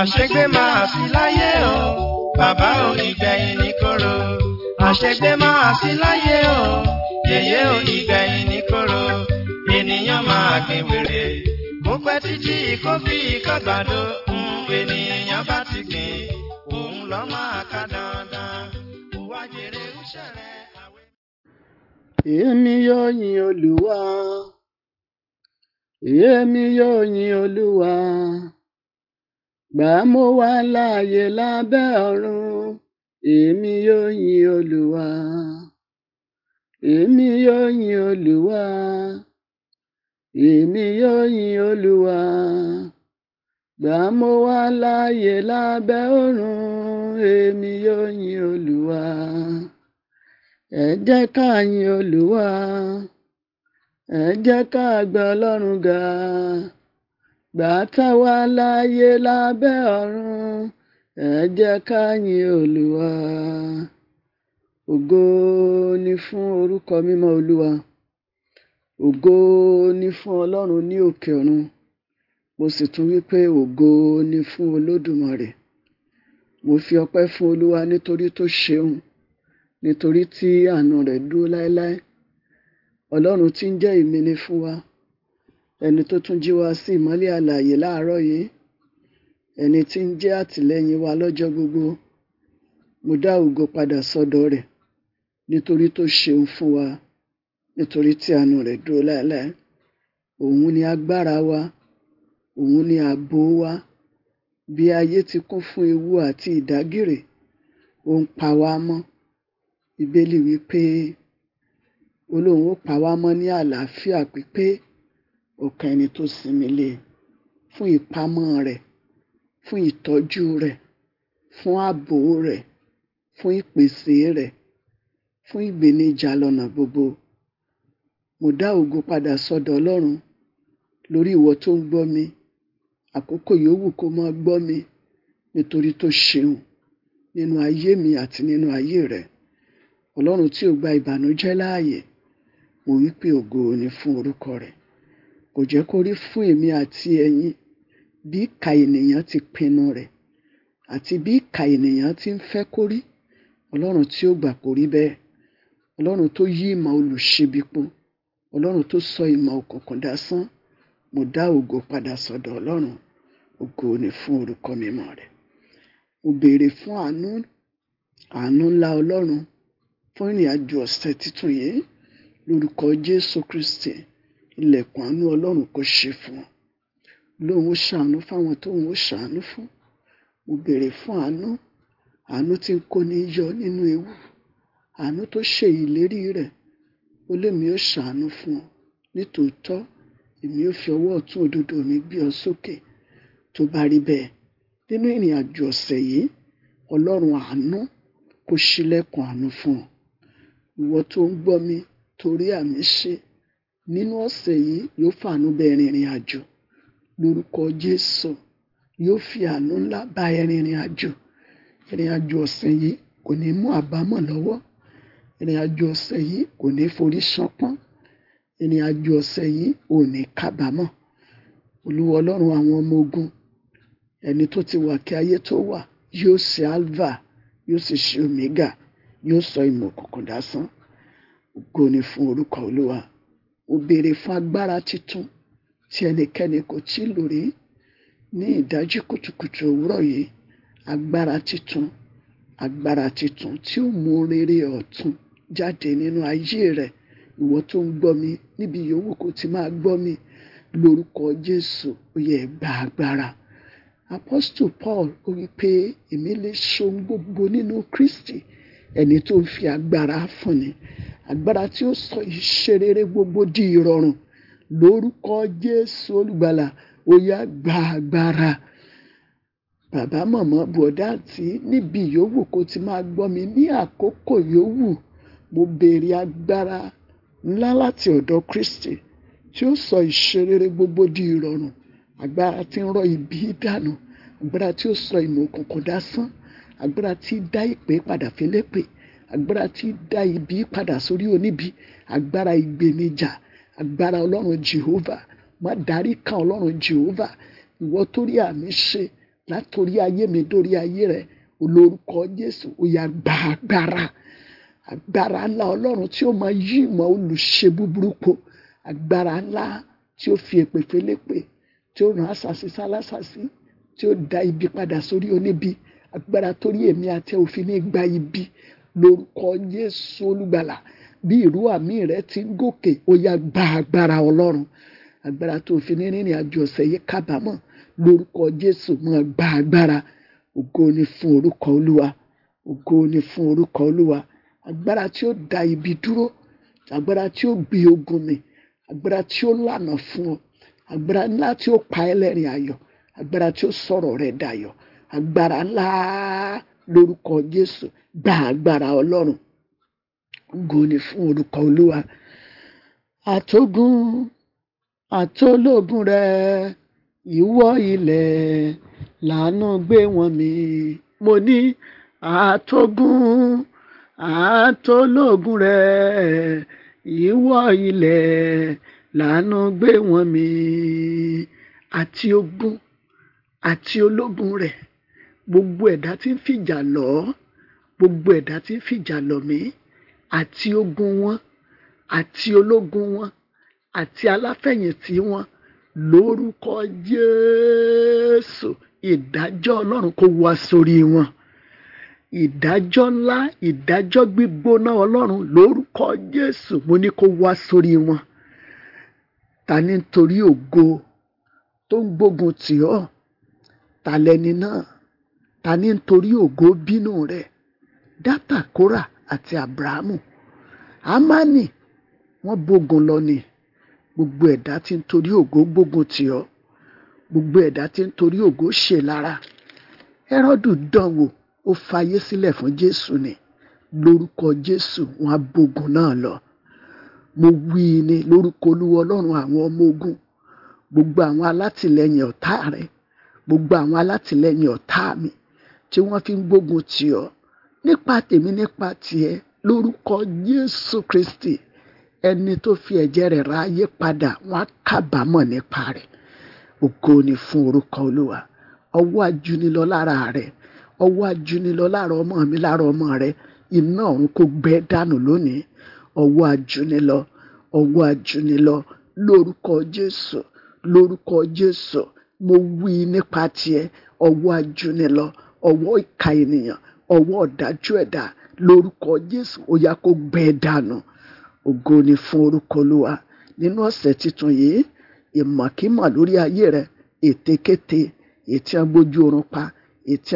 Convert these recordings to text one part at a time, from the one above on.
àṣegbé máa sí láyé o bàbá o ìgbẹ̀yìn ní kóró àṣegbé máa sí láyé o yèyé o ìgbẹ̀yìn ní kóró ènìyàn máa gbìn wèrè kó pẹ́ títí kó fi kọ́gbàdo ń ènìyàn bá ti gbìn òun lọ́ máa ká dandan òwá jèrè ń ṣẹlẹ̀ èmi yóò yin Olúwa èmi yóò yin Olúwa. Gbà mú wá láàyè lábẹ́ ọ̀run, èmi yóò yin Olúwa. Èmi yóò yin Olúwa. Èmi yóò yin Olúwa. Gbà mú wá láàyè lábẹ́ ọ̀run, èmi yóò yin Olúwa. Ẹ jẹ́ ká yin Olúwa. Ẹ jẹ́ ká gbé Ọlọ́run ga. gbà tá wà láyé lábẹ́ ọ̀run ẹ jẹ́ ká yin olúwa ògo ni fún orúkọ mímọ́ olúwa ògo ni fún ọlọ́run ní òkè ọ̀run mo sì tún wí pé ògo ni fún olódùmarè mo fi ọpẹ́ fún olúwa nítorí tó ṣeun nítorí tí àánú rẹ̀ dúró láéláé ọlọ́run tí ń jẹ́ ìmíní fún wa ẹni tó tún jí wa sí ìmọ́lẹ̀ àlàyé láàárọ̀ yìí ẹni tí ń jẹ́ àtìlẹ́yìn wa lọ́jọ́ gbogbo mo dá ògo padà sọ́dọ̀ rẹ̀ nítorí tó ṣeun fún wa nítorí tí àánú rẹ̀ dúró láéláé òun ni agbára wa òun ni ààbò wa bí ayé ti kún fún ewu àti ìdágìrì ó ń pa wá mọ́ ìbéèlì wípé Ọlọ́run ó pa wá mọ́ ní àlàáfíà pípé ọkàn ẹni tó sinmi lé e fún ìpamọ́ rẹ̀ fún ìtọ́jú rẹ̀ fún ààbò rẹ̀ fún ìpèsè rẹ̀ fún ìgbèníjà lọ́nà gbogbo mo dá ògo padà sọ́dọ̀ Ọlọ́run lórí ìwọ tó ń gbọ́ mi àkókò yòówù kó máa gbọ́ mi nítorí tó ṣeun nínú ayé mi àti nínú ayé rẹ Ọlọ́run tí ò gba ìbànújẹ́ láàyè mo wí pé ògo ni fún orúkọ rẹ̀ kò jẹ́ kó rí fún èmi àti ẹ̀yin bí ìkà ènìyàn ti pinnu rẹ̀ àti bí ìkà ènìyàn ti ń fẹ́ kó rí ọlọ́run tí ó gbà kó rí bẹ́ẹ̀ ọlọ́run tó yí ìmọ̀ olùṣèbípo ọlọ́run tó sọ ìmọ̀ òkùnkùn dasán mo dá ògo padà sọ́dọ̀ ọlọ́run ògo ni fún orúkọ mímọ́ rẹ̀ mo béèrè fún àánú àánú ńlá ọlọ́run fún ìrìn àjò ọ̀sẹ̀ títun yìí lórúkọ jésù kristi ilẹ̀kùn àánú Ọlọ́run kó ṣí fún wọn lóun ó ṣàánú fáwọn tóun ó ṣàánú fún mo béèrè fún àánú àánú tí ń kóni yọ nínú ewu àánú tó ṣe ìlérí rẹ̀ ó lémi ó ṣàánú fún ọ nítòótọ́ èmi ó fi ọwọ́ ọ̀tún òdodo mi gbé ọ sókè tó bá rí bẹ́ẹ̀ nínú ìrìn àjò ọ̀sẹ̀ yìí Ọlọ́run àánú kó ṣílẹ̀kùn àánú fún ọ ìwọ tó ń gbọ́ mi torí àmì ṣe nínú ọ̀sẹ̀ yìí yóò fàánú bá ẹ rìnrìn àjò lórúkọ Jésù yóò fi àánú ńlá bá ẹ rìnrìn àjò ìrìn àjò ọ̀sẹ̀ yìí kò ní mú àbámọ̀ lọ́wọ́ ìrìn àjò ọ̀sẹ̀ yìí kò ní forí ṣánpọ́n ìrìn àjò ọ̀sẹ̀ yìí ò ní kábàámọ̀ Olúwa Ọlọ́run àwọn ọmọ ogun ẹni tó ti wà kí ayé tó wà yóò ṣe alva yóò sì ṣe omega yóò sọ ìmọ̀ kọ̀kọ̀ dásán ògo ni fún orúkọ Olúwa ó béèrè fún agbára titun tí ẹnikẹ́ni kò tí lò rí ní ìdájí kùtùkùtù òwúrọ̀ yìí agbára titun agbára titun tí ó mú rere ọ̀tun jáde nínú ayé rẹ ìwọ tó ń gbọ́ mi níbi yòówù kó ti máa gbọ́ mi lórúkọ Jésù ó yẹ agbára apọ́stù Paul ó wí pé èmi lè ṣohun gbogbo nínú Kristi ẹni tó ń fi agbára fúnni agbára tí ó sọ ìṣerere gbogbo di ìrọ̀rùn lórúkọ jésù olùgbàlà ó yá gba agbára bàbá mọ̀mọ́ bọ̀dá àti níbi yòówù kó ti máa gbọ́ mi ní àkókò yòówù mo béèrè agbára ńlá láti ọ̀dọ̀ kristi tí ó sọ ìṣerere gbogbo di ìrọ̀rùn agbára tí ń rọ ibi dànù agbára tí ó sọ ìmọ̀ òkùnkùn dásán agbára tí dá ìpè padà fẹ́lẹ́pẹ̀ẹ́ agbára tí dá ibi padà sórí oníbi agbára ìgbènijà agbára ọlọ́run jehova má darí kan ọlọ́run jehova ìwọ tó rí àmì ṣe látòrí ayé mi dórí ayé rẹ olórúkọ jésù ó yá gba agbára agbára ńlá ọlọ́run tí ó máa yí ìmọ̀ olùṣe búburú po agbára ńlá tí ó fi èpè félépè tí ó ràn àṣàṣì sálásàṣì tí ó dá ibi padà sórí oníbi agbára torí èmi àti òfin ní gba ibi lórúkọ Jésù olùgbàlà bí ìró àmì rẹ ti ń gòkè ó yá gba agbára Ọlọ́run agbára tó fi ní rìnrìn àjò ọ̀sẹ̀ yìí kábàámọ̀ lórúkọ Jésù máa gba agbára ògo ni fún orúkọ Olúwa ògo ni fún orúkọ Olúwa agbára tí ó da ibi dúró agbára tí ó gbé ogun mi agbára tí ó lànà fún ọ agbára ńlá tí ó pa ẹlẹ́rìn ayọ̀ agbára tí ó sọ̀rọ̀ rẹ̀ dayọ̀ agbára ńlá lórúkọ Jésù gba agbára Ọlọ́run ògo ni fún orúkọ Olúwa àtógún àtólógùn rẹ ìwọ ilẹ̀ làánú gbé wọn mì mo ní àtógún àtólógùn rẹ ìwọ ilẹ̀ làánú gbé wọn mì àti ogún àti ológun rẹ̀ gbogbo ẹ̀dá tí ń fìjà lọ ọ́ gbogbo ẹ̀dá tí ń fìjà lọ mí àti ogun wọn àti ológun wọn àti aláfẹ̀yìntì wọn lórúkọ Jésù ìdájọ́ Ọlọ́run kó wá sórí wọn ìdájọ́ ńlá ìdájọ́ gbígbóná Ọlọ́run lórúkọ Jésù mo ní kó wá sórí wọn ta ni nítorí ògo tó ń gbógun tì ọ́ ta lẹni náà ta ní nítorí ògo bínú rẹ̀ dátà kórà àti abrahamu amani wọ́n bógun lọ ni gbogbo ẹ̀dá tí ń torí ògo gbógun tì ọ́ gbogbo ẹ̀dá tí ń torí ògo ṣe lára Hẹ́rọ́dù dánwò ó fayé sílẹ̀ fún Jésù ni lórúkọ Jésù wọ́n á náà lọ mo wí ni lórúkọ Olúwa Ọlọ́run àwọn ọmọ ogun gbogbo àwọn alátìlẹ́yìn ọ̀tá rẹ gbogbo àwọn alátìlẹ́yìn ọ̀tá mi tí wọ́n fi ń gbógun tì ọ́ nípa tèmi nípa tiẹ̀ lórúkọ Jésù Kristi ẹni tó fi ẹ̀jẹ̀ rẹ̀ ra ayé padà wọ́n á kábàámọ̀ nípa rẹ̀ ògo ni fún orúkọ Olúwa ọwọ́ ajúnilọ lára rẹ̀ ọwọ́ ajúnilọ lára ọmọ mi lára ọmọ rẹ̀ iná ọ̀run kò gbẹ dànù lónìí ọwọ́ ajúnilọ ọwọ́ ajúnilọ lórúkọ Jésù lórúkọ Jésù mo wí nípa tiẹ̀ ọwọ́ ajúnilọ ọwọ́ ìka ènìyàn ọwọ́ ọ̀dájú ẹ̀dá lórúkọ Jésù ó yá kó gbẹ dànù ògo ni fún orúkọ Olúwa nínú ọ̀sẹ̀ tuntun yìí ìmọ̀kímọ̀ lórí ayé rẹ ètekéte ètí orun pa ètí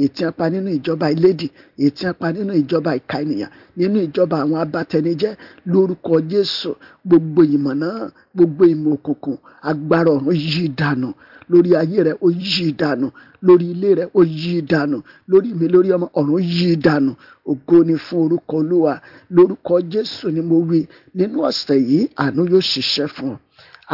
èyí tí wọ́n pa nínú ìjọba ìlédì èyí tí wọ́n pa nínú ìjọba ìka ènìyàn nínú ìjọba àwọn abatẹnijẹ́ lórúkọ Jésù gbogbo ìmọ̀ náà gbogbo ìmọ̀ òkùnkùn agbára ọ̀run yí dànù lórí ayé rẹ ó yí dànù lórí ilé rẹ ó yí dànù lórí mi lórí ọmọ ọ̀run yí dànù ògo ni fún orúkọ Olúwa lórúkọ Jésù ni mo wí nínú ọ̀sẹ̀ yìí àánú yóò ṣiṣẹ́ fún ọ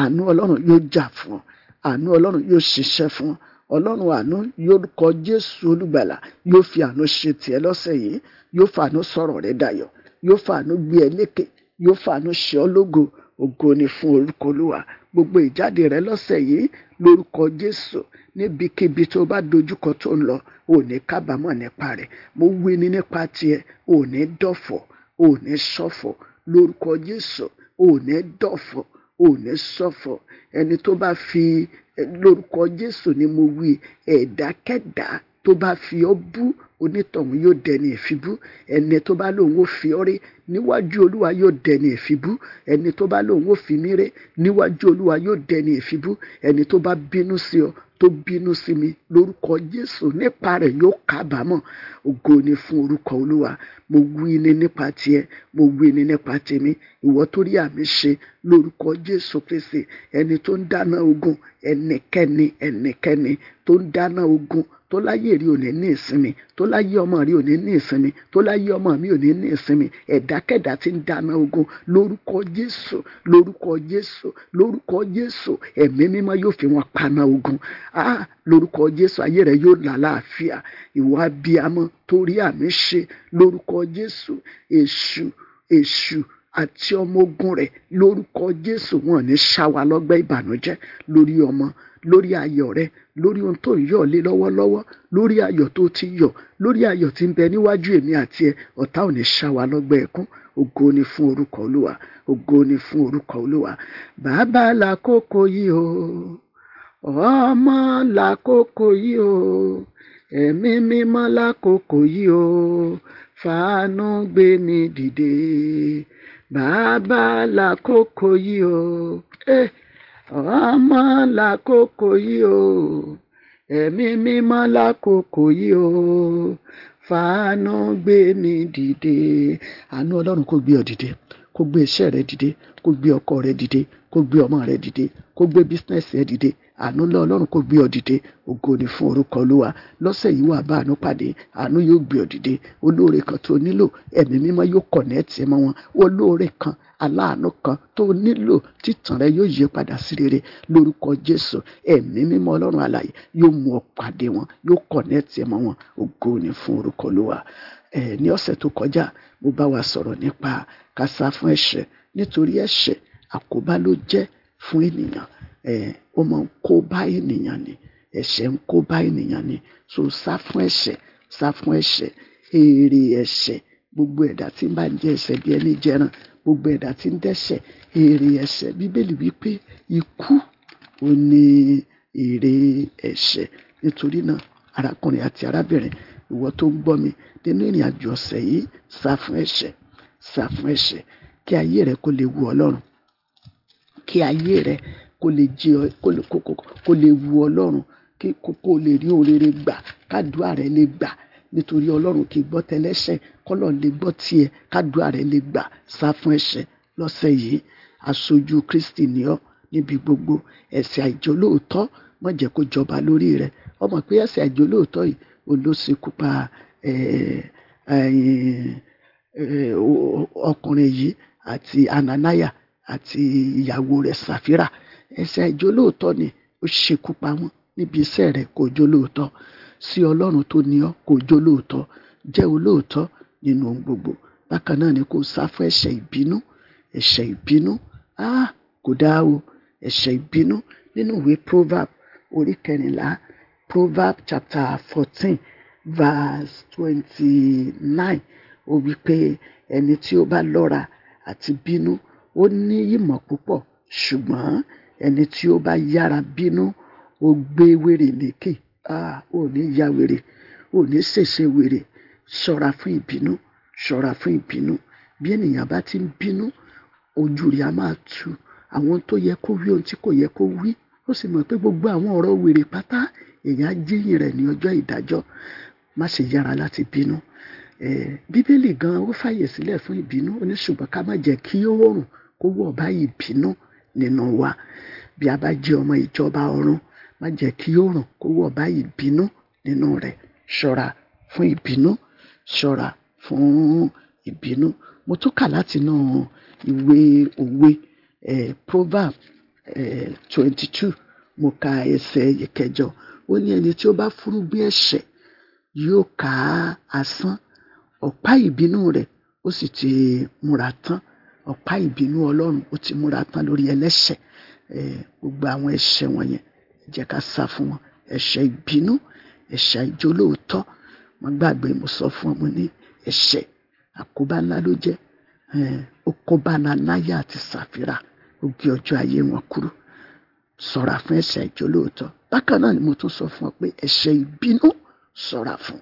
àánú Ọlọ́run yóò jà fún ọ àánú Ọlọ́run yóò ṣiṣẹ́ fún ọ ọlọ́run àánú yórúkọ jésù olùgbàlà yóò fi àánú ṣe tiẹ̀ lọ́sẹ̀ yìí yóò fàánú sọ̀rọ̀ rẹ dayọ̀ yóò fàánú gbé ẹ lékè yóò fàánú ṣe ọ́ lógo ògo ni fún orúkọ olúwa gbogbo ìjáde rẹ lọ́sẹ̀ yìí lórúkọ jésù níbikíbi tó bá dojúkọ tó ń lọ òní kábàámọ̀ nípa rẹ̀ mo wí ni nípa tiẹ̀ òní dọ̀fọ̀ òní ṣọ̀fọ̀ lórúkọ jésù òní dọ̀fọ̀ òní ṣọ̀fọ̀ ẹni tó bá fi lórúkọ jésù ni mo wí ẹ̀dákẹ́dá tó bá fi ọ́ bú onítọ̀hún yóò dẹni ìfibú ẹni tó bá lòun ó fi ọ́ rí níwájú olúwa yóò dẹni ìfibú ẹni tó bá lòun ó fi mí rí níwájú olúwa yóò dẹni ìfibú ẹni tó bá bínú sí ọ tó bínú sí mi lórúkọ jésù nípa rẹ̀ yóò kábàámọ̀ ògo ni fún orúkọ olúwa mo wí ni nípa tiẹ̀ mo wí ni nípa tèmi ìwọ tó rí àmì ṣe lórúkọ jésù kristi ẹni tó ń dáná ogun ẹnikẹ́ni ẹnikẹ́ni tó ń dáná ogun tó láyé rí òní ní ìsinmi tó láyé ọmọ rí òní ní ìsinmi tó láyé ọmọ mi òní ní ìsinmi ẹ̀dákẹ́dá tí ń dáná ogun lórúkọ Jésù lórúkọ Jésù lórúkọ Jésù ẹ̀mí mímọ́ yóò fi wọn paná ogun ah lórúkọ Jésù ayé rẹ yóò lálàáfíà ìwà abiyamọ torí àmì ṣe lórúkọ Jésù èṣù èṣù àti ọmọ ogun rẹ̀ lórúkọ Jésù wọn ní ṣáwa lọ́gbẹ́ ìbànújẹ́ lórí ọmọ lórí ayọ̀ rẹ lórí ohun tó ń yọ̀ lé lọ́wọ́lọ́wọ́ lórí ayọ̀ tó ti yọ̀ lórí ayọ̀ tí ń bẹ níwájú èmi àti ẹ ọ̀tá ò ní ṣáwa lọ́gbẹ́ ẹkún ògo ni fún orúkọ olúwa ògo ni fún orúkọ olúwa bàbá làkókò yìí o ọmọ làkókò yìí o ẹ̀mí mímọ́ làkókò yìí o fàánú gbé ni dìde bàbá lákòókò yìí o eh, ọmọ lákòókò yìí o ẹ̀mí mímọ́ lákòókò yìí o fàánú gbé mi dìde àánú ọlọ́run kó gbé ọ dìde kó gbé iṣẹ́ rẹ dìde kó gbé ọkọ rẹ dìde kó gbé ọmọ rẹ dìde kó gbé bísínẹ́sì rẹ dìde àánú lọ ọlọ́run kò gbé ọ dìde ògo ni fún orúkọ olúwa lọ́sẹ̀ yìí wà bá àánú pàdé àánú yóò gbé ọ dìde olóore kan tó nílò ẹ̀mí mímọ́ yóò kọ̀nẹ́ẹ̀tì mọ́ wọn olóore kan aláàánú kan tó nílò títàn rẹ yóò yí padà sí rere lórúkọ jésù ẹ̀mí mímọ́ ọlọ́run alààyè yóò mú ọ pàdé wọn yóò kọ̀nẹ́ẹ̀tì mọ́ wọn ògo ni fún orúkọ olúwa ẹ̀ ní ọ̀sẹ̀ tó kọjá mo bá wa sọ̀rọ̀ nípa kásá fún ẹ̀ṣẹ̀ nítorí ẹ̀ṣẹ̀ àkóbá ló jẹ́ fún ènìyàn ó máa ń kó bá ènìyàn ni ẹ̀ṣẹ̀ ń kó bá ènìyàn ni so sá fún ẹ̀ṣẹ̀ sá fún ẹ̀ṣẹ̀ èrè ẹ̀ṣẹ̀ gbogbo ẹ̀dá tí ń bá ń jẹ ẹ̀ṣẹ̀ bí ẹni jẹran gbogbo ẹ̀dá tí ń dẹ́ṣẹ̀ èrè ẹ̀ṣẹ̀ bíbélì wípé ikú ò ní èrè ẹ̀ṣẹ̀ nítorí náà arákùnrin àti arábìnrin ìwọ tó ń gbọ́ mi nínú ìrìn àjò ọ̀sẹ̀ yìí sá fún ẹ̀ṣẹ̀ sá fún ẹ̀ṣẹ̀ kí ayé rẹ kó lè wu Ọlọ́run kí ayé rẹ kó lè jẹ kó lè kó lè wu ọlọ́run kí kó lè rí oríire gbà kádùá rẹ lè gbà nítorí ọlọ́run kì í gbọ́ tẹlẹ́ṣẹ̀ kọ́lọ̀ lè gbọ́ tiẹ̀ kádùá rẹ lè gbà sá fún ẹ̀ṣẹ̀ lọ́sẹ̀ yìí aṣojú kristi ni ọ́ níbi gbogbo ẹ̀ṣẹ̀ àìjólóòótọ́ má jẹ́ kó jọba lórí rẹ ọmọ pé ẹ̀ṣẹ̀ àìjólóòótọ́ yìí olóṣèkú pa ọkùnrin yìí àti ananaya àti ìyàwó rẹ̀ sàfírà ẹ̀ṣẹ̀ àìjólóòtọ́ ni ó ṣekú pa wọ́n níbi iṣẹ́ rẹ̀ kò jólóòtọ́ sí ọlọ́run tó ní ọ́ kò jólóòtọ́ jẹ́ olóòtọ́ nínú ohun gbogbo bákan náà ni kò sá fún ẹ̀ṣẹ̀ ìbínú ẹ̀ṣẹ̀ ìbínú ah kò dáa o ẹ̀ṣẹ̀ ìbínú nínú ìwé proverb orí kẹrìnlá proverb chapter fourteen verse twenty-nine ó wí pé ẹni tí ó bá lọ́ra àti bínú ó ní ìmọ̀ púpọ̀ ṣùgbọ́n ẹni tí ó bá yára bínú ó gbé wèrè lékè ah ò ní ya wèrè ò ní ṣèṣe wèrè ṣọ́ra fún ìbínú ṣọ́ra fún ìbínú bí ènìyàn bá ti ń bínú ojú rẹ̀ á máa tu àwọn tó yẹ kó wí ohun tí kò yẹ kó wí ó sì mọ̀ pé gbogbo àwọn ọ̀rọ̀ wèrè pátá èèyàn á jíyìn rẹ̀ ní ọjọ́ ìdájọ́ má ṣe yára láti bínú bíbélì gan ó fàyè sílẹ̀ fún ìbínú ó ká má jẹ́ kí oòrùn kó wọ̀ bá ìbínú nínú wa bí a bá jẹ́ ọmọ ìjọba ọ̀run má jẹ́ kí òòrùn kó wọ̀ bá ìbínú nínú rẹ̀ ṣọ́ra fún ìbínú ṣọ́ra fún ìbínú mo tún kà látinú ìwé òwe eh, proverb twenty two mo ka ẹsẹ̀ ìkẹjọ ó ní ẹni tí ó bá fúrúgbìn ẹ̀ṣẹ̀ yóò ká asán ọ̀pá ìbínú rẹ̀ ó sì ti múra tán ọ̀pá ìbínú Ọlọ́run ó ti múra tán lórí ẹlẹ́ṣẹ̀ gbogbo àwọn ẹ̀ṣẹ̀ wọ̀nyẹn ẹ jẹ́ ká sá fún wọn ẹ̀ṣẹ̀ ìbínú ẹ̀ṣẹ̀ àìjólóòótọ́ mo gbàgbé mo sọ fún ọmọ ní ẹ̀ṣẹ̀ àkóbá ńlá ló jẹ́ ó kóbá Anáníyà àti Sàfírà ó gé ọjọ́ ayé wọn kúrú ṣọ́ra fún ẹ̀ṣẹ̀ àìjólóòótọ́ bákan náà ni mo tún sọ fún ọ pé ẹ̀ṣẹ̀ ìbínú ṣọ́ra fún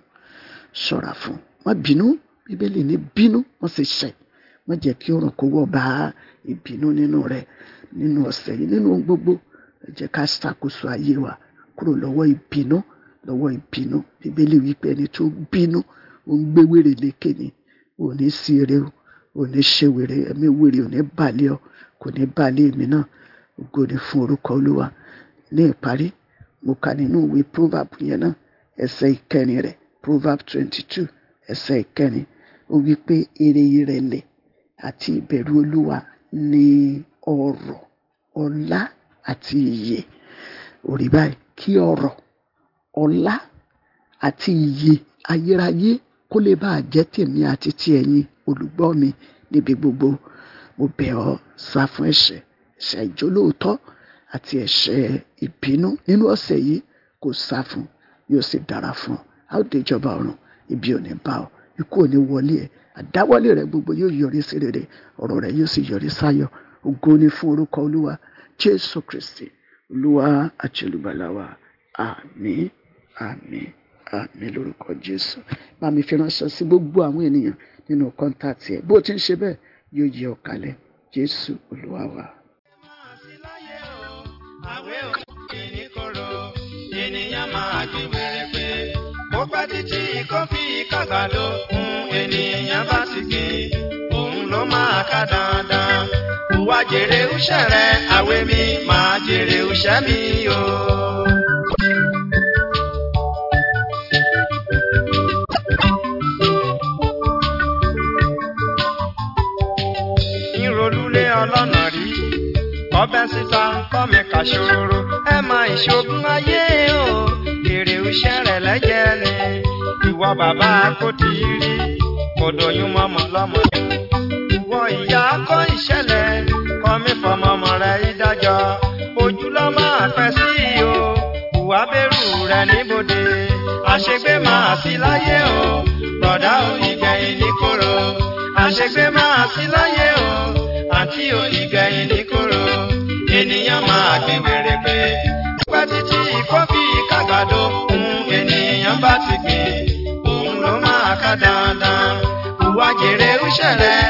ṣọ́ra fún má bínú bíbélì ní bínú wọ́n sì ṣẹ̀ má jẹ́ kí ọ̀ràn kó wọ̀ bá ìbínú nínú rẹ nínú ọ̀sẹ̀ yìí nínú ohun gbogbo ẹ jẹ́ ká ṣàkóso ayé wa kúrò lọ́wọ́ ìbínú lọ́wọ́ ìbínú bíbélì wípé ẹni tó bínú ó ń gbé wèrè lékè ni ò ní sí eré o ò ní ṣe wèrè ẹ̀mí wèrè ò ní balẹ̀ ọ kò ní balẹ̀ èmi náà ògo ni fún orúkọ olúwa ní ìparí mo kà nínú ìwé proverb yẹn náà ẹsẹ̀ ìkẹrin rẹ̀ proverb twenty two ẹsẹ̀ ìkẹrin ó wí pé èrè ìrẹ̀lẹ̀ àti ìbẹ̀rù olúwa ní ọrọ̀ ọlá àti ìyè òrí báyìí kí ọrọ̀ ọlá àti ìyè ayérayé kó lè bá jẹ́ tèmi àti ti ẹ̀yin olùgbọ́ mi níbi gbogbo mo bẹ̀ ọ́ sá fún ẹ̀ṣẹ̀ ẹ̀ṣẹ̀ ìjólóòtọ́ àti ẹ̀ṣẹ̀ ìbínú nínú ọ̀sẹ̀ yìí kò sá fún yóò sì dára fún ọ a ó dé ìjọba ọ̀run ibi ò ní bá ọ ikú ò ní wọlé ẹ àdáwọ́lé rẹ̀ gbogbo yóò yọrí sí rere ọ̀rọ̀ rẹ̀ yóò sì yọrí sáyọ̀ ògo ni fún orúkọ olúwa jésù kristi olúwa àtìlúbàlà wa àmín àmín àmín lórúkọ jésù bá mi fi ránṣẹ́ sí gbogbo àwọn ènìyàn nínú kọ́ńtà tiẹ̀ bó ti ń ṣe bẹ́ẹ̀ yóò yẹ ọ̀kalẹ̀ jésù olúwa wa. tí kọ́fí kàgbàdo ń ènìyàn bá sì gbé òun ló máa ká dandan. Ìwà jèrè iṣẹ́ rẹ̀ àwé mi máa jèrè iṣẹ́ mi o. Ìròlúlé ọlọ́nà rí ọbẹ̀ síta kọ́ mi kà ṣòro máa ìṣògùn ayé o. Baba bàbá kò tí ì rí kò dòyún mọ́mọ́ lọ́mọ. ìwọ ìyá kọ́ ìṣẹ̀lẹ̀ kọ́ mi fọmọmọ rẹ ìdájọ́ ojú ló máa fẹ́ sí i o ìwà bẹ̀rù rẹ níbodè àṣegbé máa sí láyé o bọ̀dá o ìgbẹ̀yìn ní kóró àṣegbé máa sí láyé o àǹtí o ìgbẹ̀yìn ní kóró ènìyàn máa gbìn wèrèpè pẹ́ títí kó fi kágbàdo ń ènìyàn bá ti gbìn pẹ́ dandan. Ìwà jèrè irúṣẹ́ rẹ̀,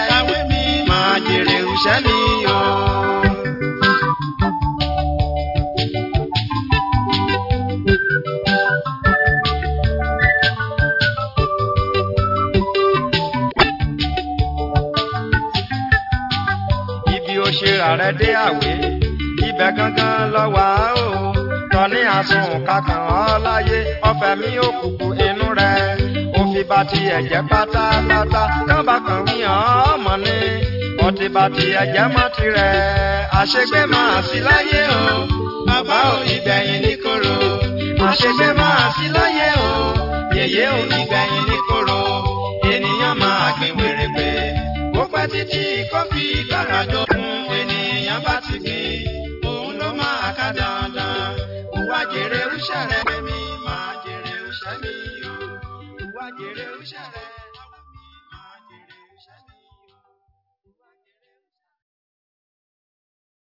máa jèrè irúṣẹ́ mi o. Ibi ó ṣe ààrẹ dé àwé, ibẹ̀ gangan lọ wà ó. Tọ́ ní àsùn kankan ọ́ láyé, ọ̀fẹ́ mi ò kúkú inú rẹ̀ ọtí bá tiẹ̀ jẹ́ pátápátá kábà kan wí hàn mọ́ ni ọtí bá tiẹ̀ jẹ́ mọ́ tirẹ̀ àṣegbé máa sí láyé o bàbá ò ìgbẹ̀yìn ní koro àṣegbé máa sí láyé o yèyé ò ìgbẹ̀yìn ní koro ènìyàn máa gbìn wèrèpè kó pẹ́ títí kó fi fún ènìyàn bá ti gbìn òun ló máa ká dandan kó wá jèrè òṣèré mi máa jèrè òṣèré mi o. 把你留下来。